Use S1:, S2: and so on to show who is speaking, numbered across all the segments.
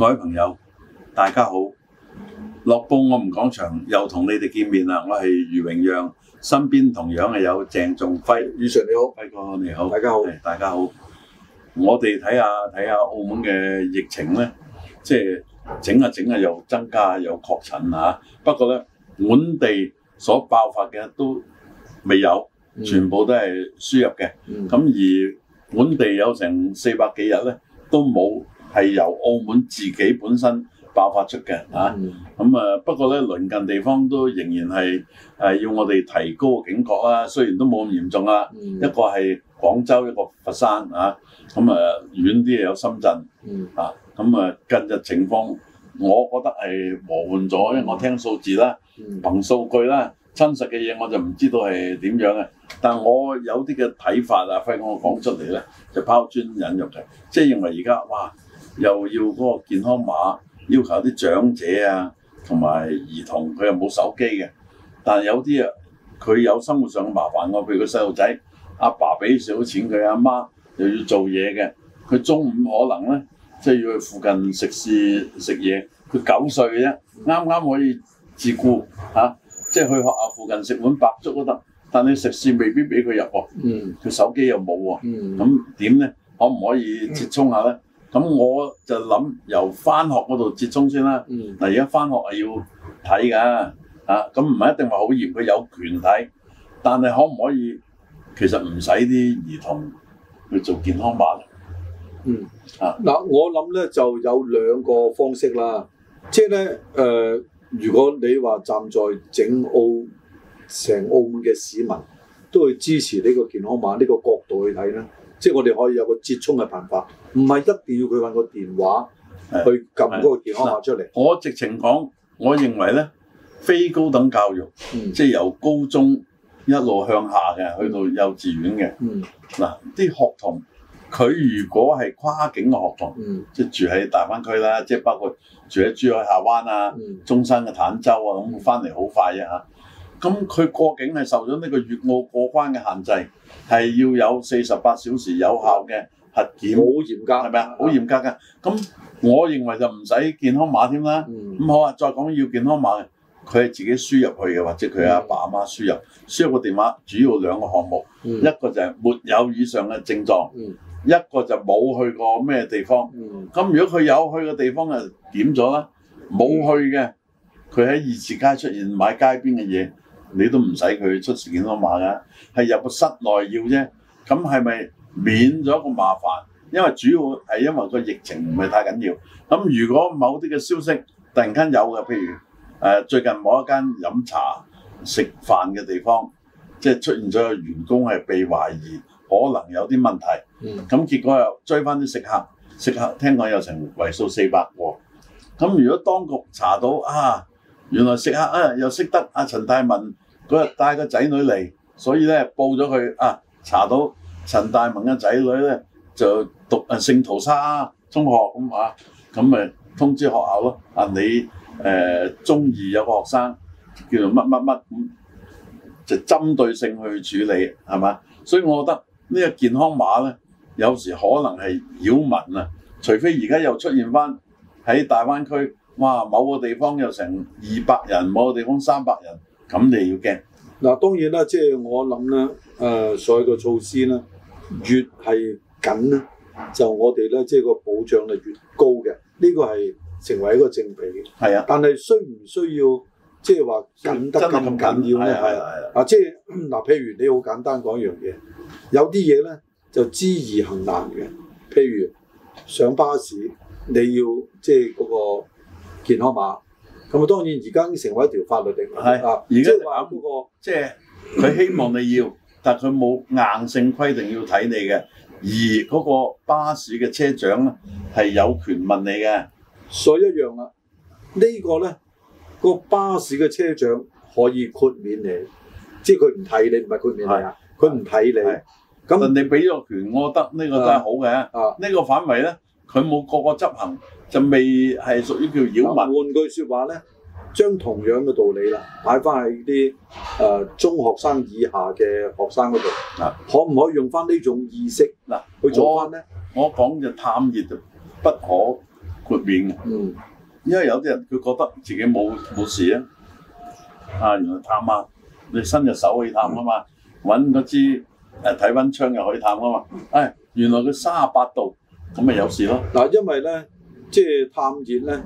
S1: 各位朋友，大家好！樂報我唔講場，又同你哋見面啦。我係余榮陽，身邊同樣係有鄭仲輝。余 Sir 你好，輝哥你好，大家好，大家好。我哋睇下睇下澳門嘅疫情咧，嗯、即係整下整下又增加又確診嚇。不過咧，本地所爆發嘅都未有，全部都係輸入嘅。咁、嗯、而本地有成四百幾日咧，都冇。係由澳門自己本身爆發出嘅嚇，咁、嗯、啊不過咧，鄰近地方都仍然係誒、啊、要我哋提高警覺啦。雖然都冇咁嚴重啦，嗯、一個係廣州，一個佛山啊，咁啊遠啲又有深圳、嗯、啊，咁啊近日情況我覺得係和緩咗，因為我聽數字啦，嗯、憑數據啦，真實嘅嘢我就唔知道係點樣嘅。但我有啲嘅睇法啊，反正我講出嚟咧就拋磚引玉嘅，即係認為而家哇！又要嗰個健康碼，要求啲長者啊，同埋兒童佢又冇手機嘅。但有啲啊，佢有生活上嘅麻煩㗎、啊、譬如個細路仔，阿爸俾少錢佢，阿媽又要做嘢嘅。佢中午可能咧，即、就、係、是、要去附近食肆食嘢。佢九歲嘅啫，啱啱可以自顧嚇，即係、啊就是、去學校附近食碗白粥都得。但你食肆未必俾佢入喎、啊。嗯，佢手機又冇喎、啊。咁點咧？可唔可以接充下咧？咁我就諗由翻學嗰度折衷先啦。嗱，而家翻學係要睇㗎，啊，咁唔係一定話好嚴，佢有權睇，但係可唔可以其實唔使啲兒童去做健康碼？嗯，啊，嗱、啊，我諗咧就有兩個方式啦，即係咧誒，如果你話站在整澳成澳門嘅市民都會支持呢個健康碼呢、呢個角度去睇咧。即係我哋可以有個折衷嘅辦法，唔係一定要佢揾個電話
S2: 去撳嗰個健康碼出嚟。我
S1: 直情講，我認為咧，非高等教育，嗯、即係由高中一路向下嘅，去到幼稚園嘅。嗱、嗯，啲學童佢如果係跨境嘅學童，即係、嗯、住喺大灣區啦，即係包括住喺珠海下灣啊、嗯、中山嘅坦洲啊，咁翻嚟好快嘅。咁佢過境係受咗呢個粵澳過關嘅限制，係要有四十八小時有效嘅核檢，好嚴格，係咪啊？好嚴的格嘅。咁我認為就唔使健康碼添啦。咁、嗯、好啊，再講要健康碼，佢係自己輸入去嘅，或者佢阿爸阿媽輸入輸入個電話，主要兩個項目，嗯、一個就係沒有以上嘅症狀，嗯、一個就冇去過咩地方。咁、嗯、如果佢有去嘅地方啊，點咗啦；冇去嘅，佢喺二次街出現買街邊嘅嘢。你都唔使佢出示健康碼㗎，係入個室內要啫。咁係咪免咗個麻煩？因為主要係因為個疫情唔係太緊要。咁如果某啲嘅消息突然間有嘅，譬如誒最近某一間飲茶食飯嘅地方，即係出現咗個員工係被懷疑可能有啲問題。咁、嗯、結果又追翻啲食客，食客聽講有成為數四百喎。咁如果當局查到啊？原來食客啊又識得阿陳大文，嗰日帶個仔女嚟，所以咧報咗佢啊，查到陳大文嘅仔女咧就讀啊聖淘沙中學咁啊，咁咪通，通知學校咯啊，你誒、呃、中二有個學生叫做乜乜乜咁，就針對性去處理係嘛？所以我覺得呢個健康碼咧，有時可能係擾民啊，除非而家又出現翻喺大灣區。哇！某個地方有成二百人，某個地方三百人，咁你要驚。嗱，當然啦，即係我諗咧，誒、呃，所有個措施咧，越係緊咧，就我哋咧，即係個保障就越高嘅。呢個係成為一個正比嘅。係啊，但係需唔需要即係話緊得咁緊要咧？係啊係啊啊！即係嗱，譬如你好簡單講一樣嘢，有啲嘢咧就知易行難嘅。譬如上巴士，你要即係嗰個。健康碼咁啊，當然而家已經成為一條法律條文啦。係的，而家話緊嗰個即係佢希望你要， 但係佢冇硬性規定要睇你嘅。而嗰個巴士嘅車長咧係有權問你嘅。所以一樣啦，這個、呢個咧個巴士嘅車長可以豁免你，即係佢唔睇你，唔係豁免你啊，佢唔睇你。咁人哋俾咗權，我覺得呢個都係好嘅。啊的，呢個範圍咧，佢冇個個執行，就未係屬於叫擾民。換句説話咧，將同樣嘅道理啦，擺翻喺啲誒中學生以下嘅學生嗰度啊，可唔可以用翻呢種意識嗱去做翻咧？我講嘅探熱就不可豁免嘅。嗯，因為有啲人佢覺得自己冇冇事的啊，啊原來探啊，你伸隻手可以探啊嘛，揾嗰、嗯、支誒睇温槍又可以探啊嘛。嗯、哎，原來佢三十八度，咁咪有事咯。嗱、啊，因為咧。即係探熱咧，誒、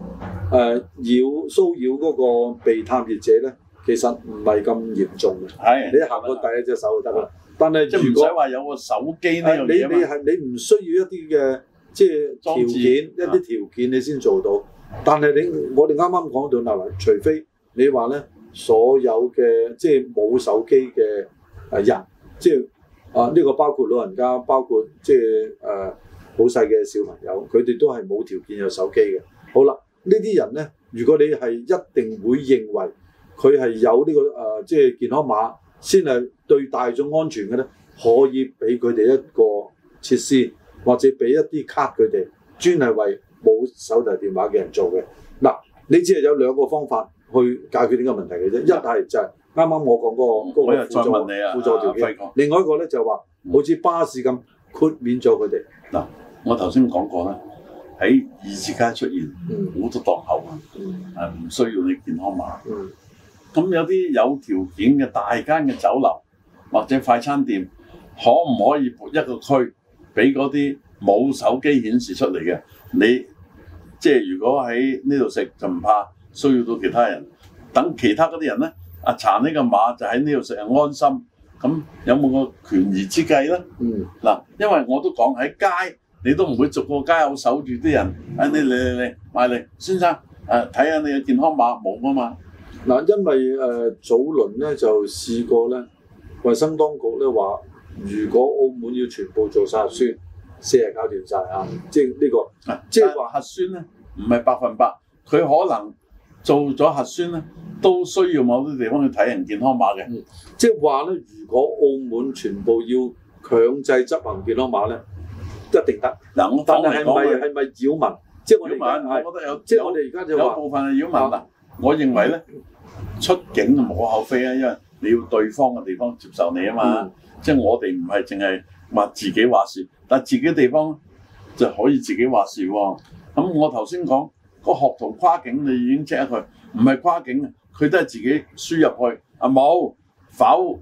S1: 呃、擾騷擾嗰個被探熱者咧，其實唔係咁嚴重嘅。係的你行過第一隻手就得啦。是的但係即係唔使話有個手機呢，你你係你唔需要一啲嘅即係置條件，一啲條件你先做到。是的但係你我哋啱啱講到嗱，除非你話咧，所有嘅即係冇手機嘅誒人，即係啊呢個包括老人家，包括即係誒。呃好細嘅小朋友，佢哋都係冇條件有手機嘅。好啦，這些呢啲人咧，如果你係一定會認為佢係有呢、呢個誒、呃，即係健康碼先係對大眾安全嘅咧，可以俾佢哋一個設施，或者俾一啲卡佢哋，專係為冇手提電話嘅人做嘅。嗱，你只係有兩個方法去解決呢個問題嘅啫。嗯、一係就係啱啱我講嗰、嗰個嗰、嗯、個輔助條件，啊、另外一個咧就話、嗯、好似巴士咁豁免咗佢哋嗱。嗯我頭先講過啦，喺二條街出現好多檔口啊，誒唔需要你健康碼。咁有啲有條件嘅大間嘅酒樓或者快餐店，可唔可以撥一個區俾嗰啲冇手機顯示出嚟嘅？你即係如果喺呢度食就唔怕需要到其他人。等其他嗰啲人咧，阿查呢個碼就喺呢度食又安心。咁有冇個權宜之計咧？嗱、嗯，因為我都講喺街。你都唔會逐個街口守住啲人，啊、你你嚟嚟嚟，嚟！先生，睇、呃、下你嘅健康碼冇啊嘛？嗱，因為誒、呃、早輪咧就試過咧，衛生當局咧話，如果澳門要全部做晒、嗯、核酸，四日搞掂晒。啊，即係呢個。即係話核酸咧，唔係百分百，佢可能做咗核酸咧，都需要某啲地方去睇人健康碼嘅、嗯。即係話咧，如果澳門全部要強制執行健康碼咧？一定得嗱，我但係係咪係咪擾民？即係我哋，是我覺得有，即係我哋而家就有部分係擾民啊。我認為咧，出境無可厚非啊，因為你要對方嘅地方接受你啊嘛。嗯、即係我哋唔係淨係話自己話事，但係自己地方就可以自己話事喎。咁我頭先講個學徒跨境，你已經 check 佢唔係跨境，佢都係自己輸入去，係、啊、冇否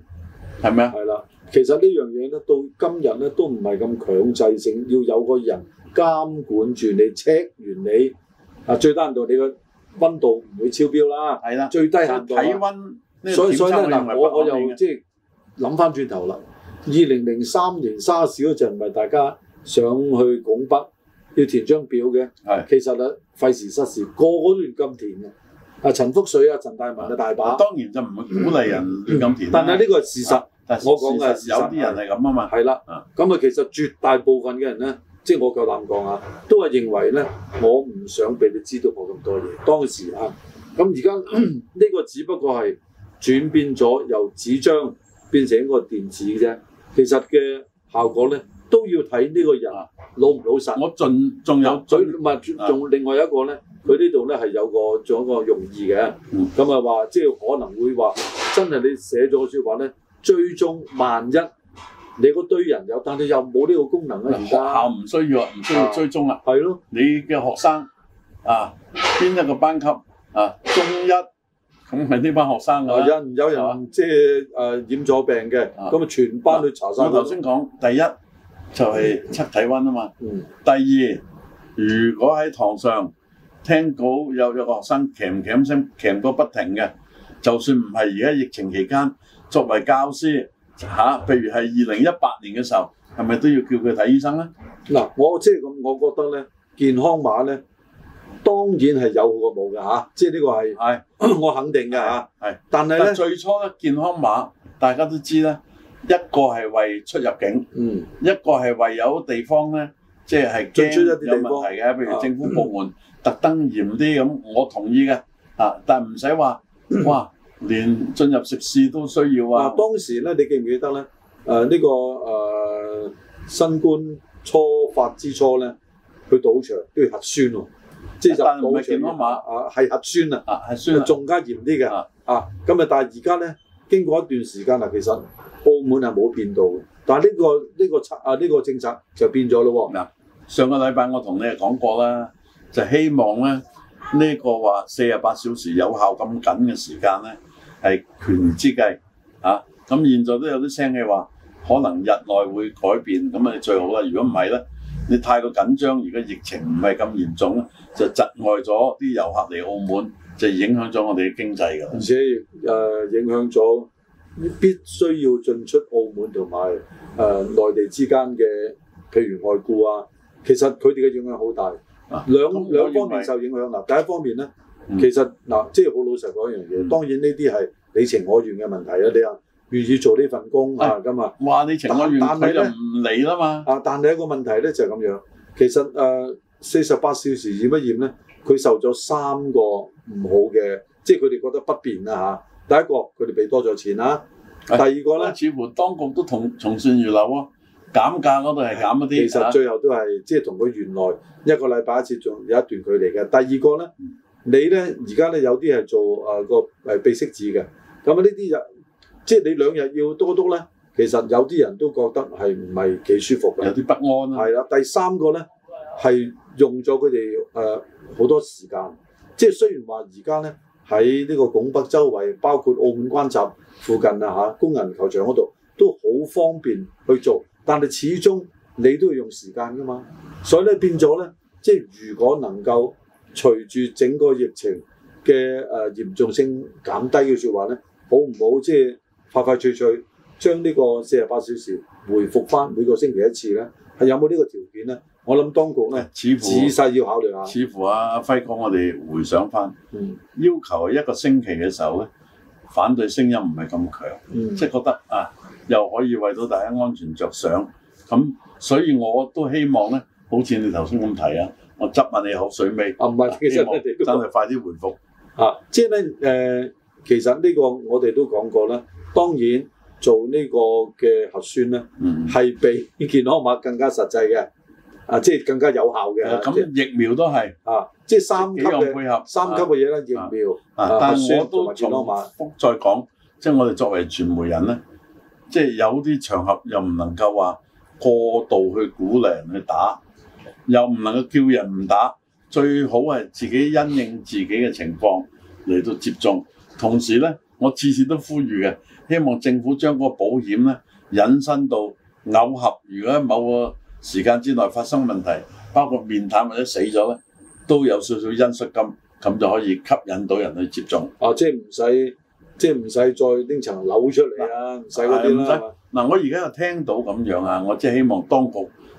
S1: 係咪？係啦。其實這呢樣嘢咧，到今日咧都唔係咁強制性，要有個人監管住你，check 完你啊，最低限度你個溫度唔會超標啦。係啦的，最低限度。體溫，這個、所以所以嗱，我我又即係諗翻轉頭啦。二零零三年沙士嗰陣，唔係大家想去拱北要填張表嘅，係的其實啊費時失事，個個都要咁填嘅。啊，陳福水啊，陳大文啊，大把。當然就唔會鼓勵人亂咁填。但係呢個係事實。但我講嘅有啲人係咁啊嘛，係啦，咁啊其實絕大部分嘅人咧，即係我夠膽講啊，都係認為咧，我唔想俾你知道我咁多嘢。當時啊，咁而家呢個只不過係轉變咗由紙張變成一個電子嘅啫。其實嘅效果咧，都要睇呢個人呀老唔老實。我盡仲有嘴唔係仲有另外一個咧，佢呢度咧係有個做一個用意嘅，咁啊話即係可能會真話真係你寫咗説話咧。追蹤，萬一你嗰堆人有，但係又冇呢個功能咧、啊。而家學校唔需要啊，唔需要追蹤喇啊。係咯，你嘅學生啊，邊一個班級啊？中一，咁係呢班學生啊。有人有人即係誒染咗病嘅，咁啊咪全班去查曬。我頭先講第一就係、是、測體温啊嘛。嗯嗯、第二，如果喺堂上聽到有有個學生咳咳聲，咳到不,不,不,不,不停嘅，就算唔係而家疫情期間。作為教師嚇，譬、啊、如係二零一八年嘅時候，係咪都要叫佢睇醫生咧？嗱、啊，我即係咁，我覺得咧，健康碼咧當然係有好過冇嘅嚇，即係呢、這個係是我肯定嘅嚇。係是，但係咧，最初咧健康碼大家都知啦，一個係為出入境，嗯，一個係為有地方咧，即係驚有問題嘅，譬如政府部門、嗯、特登嚴啲咁，我同意嘅嚇、啊，但係唔使話哇。連進入食肆都需要啊！嗱、啊，當時咧，你記唔記得咧？誒、呃、呢、這個誒、呃、新冠初發之初咧，去賭場都要核酸喎，即係就賭場碼啊，係核酸啊，核酸仲加嚴啲嘅啊！咁啊，但係而家咧，經過一段時間啦，其實澳門係冇變到嘅，但係、這、呢個呢、這個測啊呢、這個政策就變咗咯喎，上個禮拜我同你講過啦，就希望咧呢、這個話四十八小時有效咁緊嘅時間咧。係權宜之計嚇，咁、啊、現在都有啲聲嘅話，可能日內會改變，咁啊最好啦。如果唔係咧，你太過緊張，而家疫情唔係咁嚴重咧，就窒礙咗啲遊客嚟澳門，就影響咗我哋嘅經濟㗎。而且、啊啊、影響咗必須要進出澳門同埋誒內地之間嘅，譬如外僱啊，其實佢哋嘅影響好大啊。兩兩方面受影響啦，第一方面咧。嗯、其實嗱，即係好老實講一樣嘢，嗯、當然呢啲係你情我願嘅問題啦。嗯、你啊願意做呢份工啊，咁啊、哎，話你情我願但，但係就唔理啦嘛。啊，但係一個問題咧就係、是、咁樣。其實誒，四十八小時驗一驗咧，佢受咗三個唔好嘅，即係佢哋覺得不便啦嚇、啊。第一個佢哋俾多咗錢啦，啊哎、第二個咧，似乎當局都同從善如流啊，減價嗰度係減一啲、哎，其實最後都係、啊、即係同佢原來一個禮拜一次，仲有一段距離嘅。第二個咧。嗯你咧而家咧有啲係做啊、呃、個誒鼻拭子嘅，咁啊呢啲又即係你兩日要多督咧，其實有啲人都覺得係唔係幾舒服嘅，有啲不安係、啊、啦，第三個咧係用咗佢哋誒好多時間，即係雖然話而家咧喺呢個拱北周圍，包括澳門關閘附近啊嚇，工人球場嗰度都好方便去做，但係始終你都要用時間㗎嘛，所以咧變咗咧即係如果能夠。隨住整個疫情嘅誒嚴重性減低嘅説話咧，好唔好即係、就是、快快脆脆將呢個四十八小時回復翻每個星期一次咧？係有冇呢個條件咧？我諗當局咧，似乎要考慮下。似乎啊，輝哥，我哋回想翻，嗯、要求一個星期嘅時候咧，嗯、反對聲音唔係咁強，嗯、即係覺得啊，又可以為到大家安全着想，咁所以我都希望咧，好似你頭先咁提啊。我質問你口水味啊？唔係，其實、啊、真係快啲回復啊！即係咧誒，其實呢個我哋都講過啦。當然做呢個嘅核酸咧，係、嗯、比健康碼更加實際嘅啊！即係更加有效嘅。咁、啊、疫苗都係啊！即係三級嘅配合，三級嘅嘢咧，疫苗啊，啊，啊，但係酸我都從健康碼再講，即係我哋作為傳媒人咧，即係有啲場合又唔能夠話過度去鼓勵人去打。又唔能夠叫人唔打，最好係自己因應自己嘅情況嚟到接種。同時呢，我次次都呼籲嘅，希望政府將嗰個保險呢引申到偶合，如果喺某個時間之內發生問題，包括面癱或者死咗呢，都有少少恩恤金，咁就可以吸引到人去接種。哦、啊，即係唔使，即係唔使再拎層樓出嚟啊，唔使嗰啲啦。嗱、啊，我而家又聽到咁樣啊，我，我即係希望當局。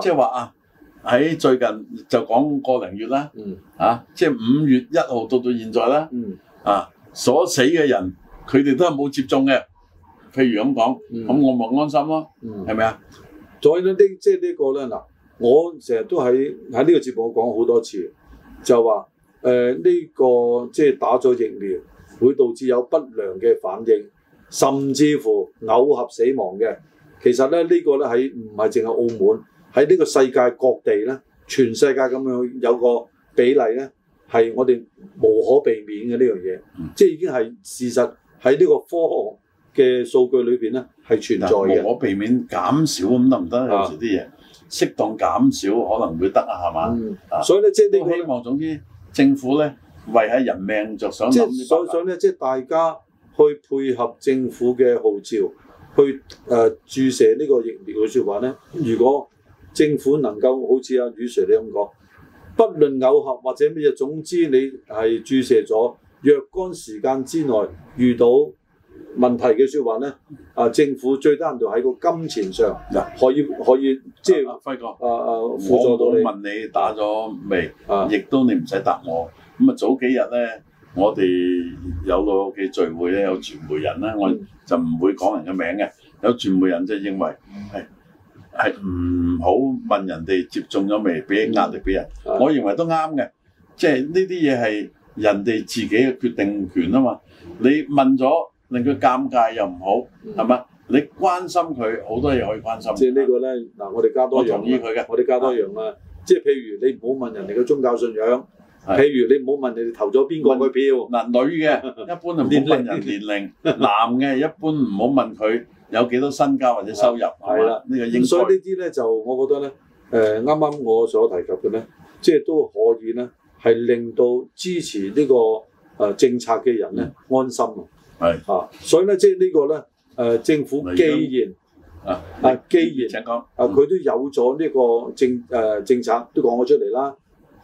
S1: 即係話啊，喺最近就講個零月啦，嗯、啊，即係五月一號到到現在啦，嗯、啊，所死嘅人佢哋都係冇接種嘅，譬如咁講，咁、嗯、我咪安心咯，係咪啊？再呢啲即係呢個咧嗱，我成日都喺喺呢個節目講好多次，就話誒呢個即係、就是、打咗疫苗會導致有不良嘅反應，甚至乎偶合死亡嘅。其實咧呢、這個咧喺唔係淨係澳門。喺呢個世界各地咧，全世界咁樣有個比例咧，係我哋無可避免嘅呢樣嘢，嗯、即係已經係事實喺呢個科學嘅數據裏邊咧係存在嘅。無可避免減少咁得唔得？行行啊、有時啲嘢適當減少可能會得、嗯、啊，係嘛？所以咧，即係你希望總之政府咧為喺人命着想，想，就是、想。即係，所以咧，想呢即大家去配合政府嘅號召，去、呃、注射呢個疫苗嘅說話咧，如果政府能夠好似阿宇 Sir 你咁講，不論偶合或者乜嘢，總之你係注射咗，若干時間之內遇到問題嘅説話咧，啊政府最低限度就喺個金錢上可，可以可以即係啊，輝哥啊啊，輔助到你。我會問你打咗未？啊，亦都你唔使答我。咁啊，早幾日咧，我哋有個屋企聚會咧，有傳媒人咧，我就唔會講人嘅名嘅。有傳媒人即係認為，嗯係唔好問人哋接種咗未，俾壓力俾人，嗯、我認為都啱嘅。即係呢啲嘢係人哋自己嘅決定權啊嘛。你問咗令佢尷尬又唔好，係嘛、嗯？你關心佢好多嘢可以關心。即係呢個咧，嗱，我哋加多樣，我同意佢嘅，我哋加多樣啊。的即係譬如你唔好問人哋嘅宗教信仰，的譬如你唔好問你哋投咗邊個嘅票。嗱，女嘅的一般唔好問人年齡，男嘅一般唔好問佢有幾多身家或者收入係啦，呢個應該咁，所以這些呢啲咧就我覺得咧，誒啱啱我所提及嘅咧，即係都可以咧，係令到支持呢、這個誒、呃、政策嘅人咧安心啊。係啊，所以咧即係呢個咧誒政府既然啊啊既然請講啊，佢都有咗呢個政誒、呃、政策都講咗出嚟啦。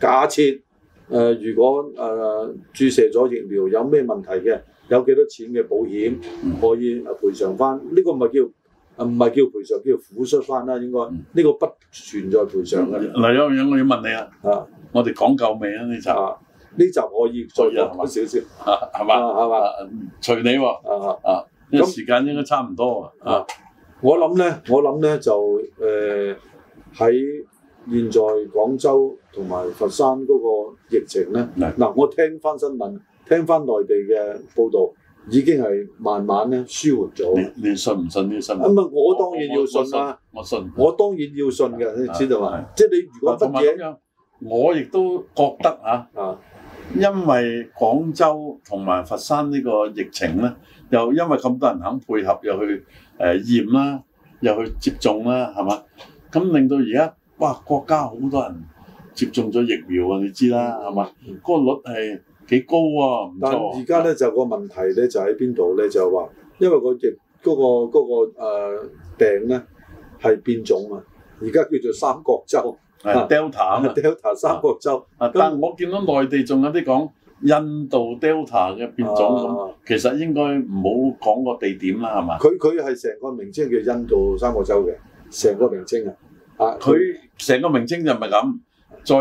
S1: 假設誒、呃、如果誒、呃、注射咗疫苗有咩問題嘅？有幾多錢嘅保險可以賠償翻？呢個唔係叫唔係叫賠償，叫補償翻啦。應該呢個不存在賠償嘅。嚟咗樣，我要問你啊！啊，我哋講夠未啊？呢集呢集可以再講少少，係嘛？係嘛？隨你喎！啊啊，咁時間應該差唔多啊。我諗咧，我諗咧就誒喺現在廣州同埋佛山嗰個疫情咧，嗱我聽翻新聞。聽翻內地嘅報道，已經係慢慢咧舒緩咗。你信唔信呢啲新聞？咁啊，我當然要信啦，啊！我信，我信，我當然要信嘅，你知道啊？是即係你如果咁樣，我亦都覺得嚇啊，是因為廣州同埋佛山呢個疫情咧，又因為咁多人肯配合，又去誒、呃、驗啦，又去接種啦，係嘛？咁令到而家哇，國家好多人接種咗疫苗啊！你知啦，係嘛？嗰、那個率係。幾高啊！但而家咧就個問題咧就喺邊度咧？就話因為個疫嗰個嗰個誒病咧係變種啊！而家叫做三角洲啊，Delta 啊，Delta 三角洲啊。但係我見到內地仲有啲講印度 Delta 嘅變種咁，其實應該唔好講個地點啦，係嘛？佢佢係成個名稱叫印度三角洲嘅，成個名稱啊！佢成個名稱就唔係咁，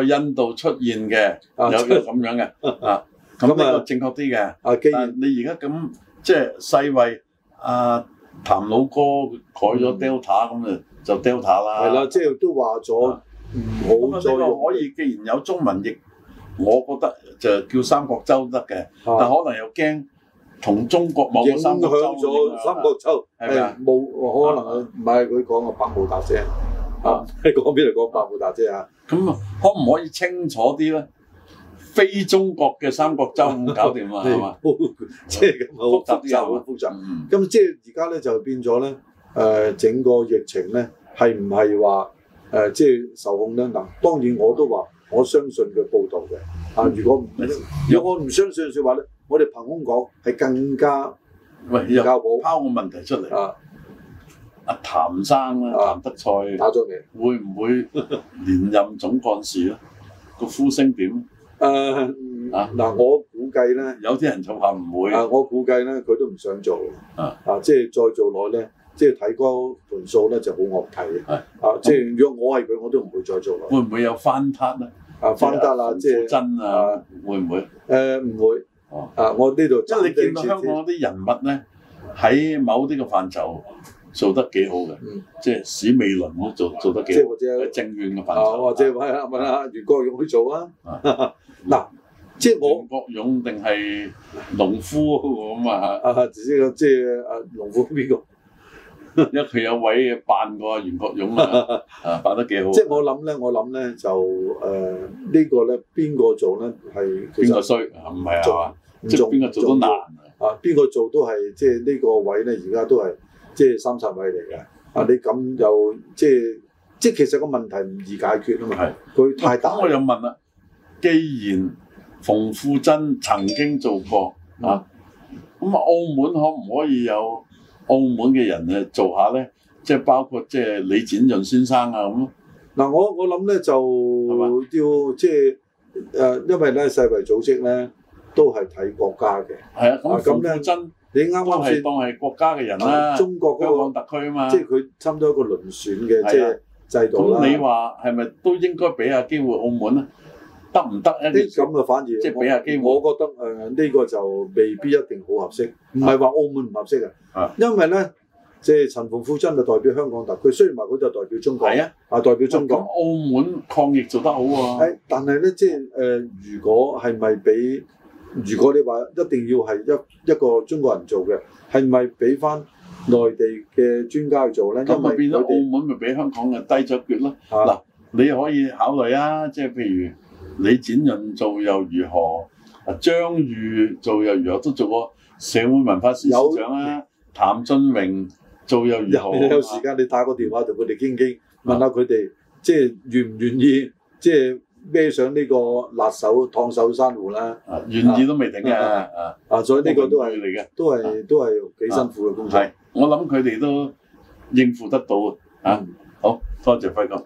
S1: 在印度出現嘅有個咁樣嘅啊。咁你啊，正確啲嘅。但你而家咁即係世衞啊，譚老哥改咗 Delta 咁啊，就 Delta 啦。係啦，即係都話咗唔好。咁可以，既然有中文譯，我覺得就叫三角洲得嘅。但可能又驚同中國影響咗三角洲。係啊？冇可能唔係佢講個百慕達啫。嚇，你講邊度講百慕達啫啊？咁可唔可以清楚啲咧？非中國嘅三角洲唔搞掂啊，係嘛？即係咁好複雜，咁即係而家咧就變咗咧，誒整個疫情咧係唔係話誒即係受控咧？嗱，當然我都話我相信佢報導嘅，啊如果唔，如果我唔相信說話咧，我哋憑空講係更加唔夠保。拋個問題出嚟啊，阿譚生啊，譚德塞打咗未，會唔會連任總幹事咧？個呼聲點？誒嗱，我估計咧，有啲人就話唔會。啊，我估計咧，佢都唔想做。啊啊，即係再做落咧，即係睇嗰個盤數咧，就好樂替嘅。係啊，即係如果我係佢，我都唔會再做落。會唔會有翻攤啊？啊，翻攤啊，即係真啊？會唔會？誒唔會。啊，我呢度即係你見到香港啲人物咧，喺某啲嘅範疇。做得幾好嘅，即係史美倫都做做得幾好。即係或者係正院嘅扮。啊，或者問下問下袁國勇去做啊？嗱，即係我。袁國勇定係農夫咁啊？啊，即係即係啊，農夫邊個？因為佢有位扮過袁國勇啊，扮得幾好。即係我諗咧，我諗咧就誒呢個咧，邊個做咧係邊個衰？唔係啊嘛，即係邊個做都難啊？啊，邊個做都係即係呢個位咧，而家都係。即係三十位嚟嘅，嗯、啊你咁又即係即係其實個問題唔易解決啊嘛，佢的太大。咁我又問啦，既然馮富珍曾經做過、嗯、啊，咁啊澳門可唔可以有澳門嘅人嚟做下咧？即係包括即係李展潤先生啊咁。嗱、啊、我我諗咧就要即係誒，吧因為咧世衞組織咧都係睇國家嘅。係啊，咁馮富珍、啊。你啱啱係當係國家嘅人啦，中國、那個、香港特區啊嘛，即係佢差唔多一個輪選嘅即係制度咁、啊、你話係咪都應該俾下機會澳門咧？得唔得？啲咁嘅反而即係俾下機會我，我覺得誒呢、呃這個就未必一定好合適。唔係話澳門唔合適啊，因為咧即係陳馮富珍就代表香港特區，雖然話佢就代表中國，係啊，啊代表中國。咁澳門抗疫做得好喎、啊，但係咧即係誒、呃，如果係咪俾？如果你話一定要係一一個中國人做嘅，係咪俾翻內地嘅專家去做咧？咁咪變咗澳門咪俾香港嘅低咗一截咯。嗱、啊，你可以考慮啊，即係譬如李展潤做又如何？張裕做又如何？都做過社會文化司司長啊。譚俊有榮做又如何？啊有？有時間你打個電話同佢哋傾傾，他們經經問下佢哋即係願唔願意，即係。孭上呢個辣手、燙手珊瑚啦，願、啊、意都未定嘅。啊，啊啊所以呢個都係都係嚟嘅、啊、都係幾辛苦嘅工作。啊、我諗佢哋都應付得到啊！嗯、好多謝輝哥。拜拜。